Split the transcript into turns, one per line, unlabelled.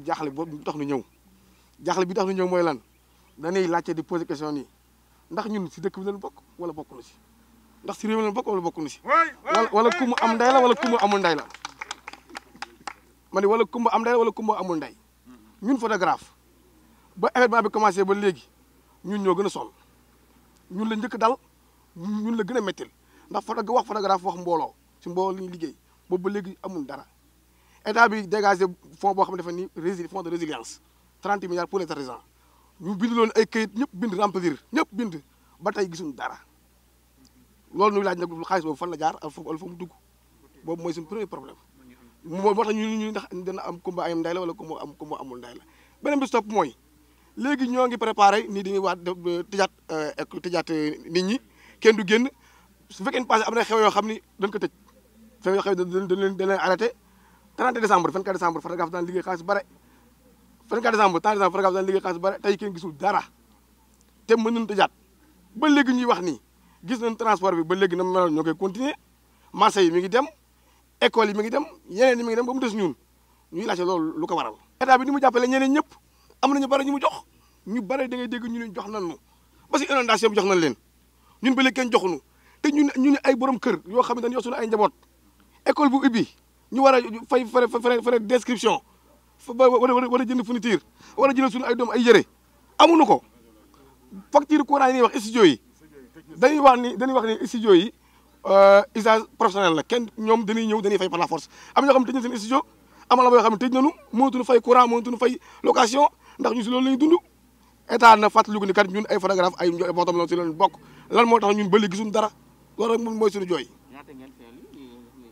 ñun jaaxle boobu tax nu ñëw jaaxle bi tax nu ñëw mooy lan dañuy di poser question yi ndax ñun si dëkk bi lañ bokk wala bokk nu si ndax si réew lañ bokk wala bokk nu si wala wala am nday la wala ku mu amul nday la ma wala ku am nday wala ku mu amul nday ñun photographe ba événement bi commencé ba léegi ñun ñoo gën a ñun la njëkk dal ñun la gën a ndax photog wax photographe wax ñu liggéey ba amul dara état bi dégagé fonds boo xam ne dafa ni résil fonds de résilience 30 milliards pour les artisans ñu bind loolu ay këyit ñëpp bind remplir ñëpp bind ba tey gisuñu dara loolu nuy laaj nag xaalis boobu fan la jaar ak foofu mu dugg boobu mooy suñu premier problème moo tax ñu ñu ndax dana am kumba ayam nday la wala kumba am kumba amul nday la beneen bi stop mooy léegi ñoo ngi préparé nii dañuy waat euh, tëjaat ak euh, tëjaat euh, nit ñi kenn du génn su fekkee passé am na xew yoo xam ni dañ ko tëj feew yoo xam ne dañ leen dañ leen arrêté 30 décembre 24 décembre Fatick dafa daan liggéey xaalis bare 24 décembre 30 ba léegi ñuy wax nii gis nañ transport bi ba léegi na meloon ñoo koy continuer marché yi mi ngi dem école yi mi ngi dem yeneen yi mi ngi dem ba mu des ñun ñuy laajte loolu lu ko waral. état bi ni mu jàppale ñeneen ñëpp am nañu bare ñu mu jox ñu bare da ngay dégg ñu leen jox nan nu ba si inondation bi jox nañ leen ñun ba kee kenn joxuñu te ñun ñu ne ay borom kër yoo xam ne dañu yor suñu ay njaboot école bu ibi ñu war a fay frais frais frais description war a jënd fourniture war a jënd suñu ay doom ay yëre amuñu ko facture courant yi ñuy wax studio yi dañuy wax ni dañuy wax ni studio yi euh, usage professionnel la kenn ñoom dañuy ñëw dañuy fay par la force am ñoo xam ne na seen studio am na yoo xam ne tëj nañu mënatuñu fay courant mënatuñu fay location ndax ñu si loolu la ñuy dund état na fàttaliku ni kat ñun ay photographe ay botom la si leen bokk lan moo tax ñun ba léegi gisuñu dara loolu moo moom mooy suñu jooy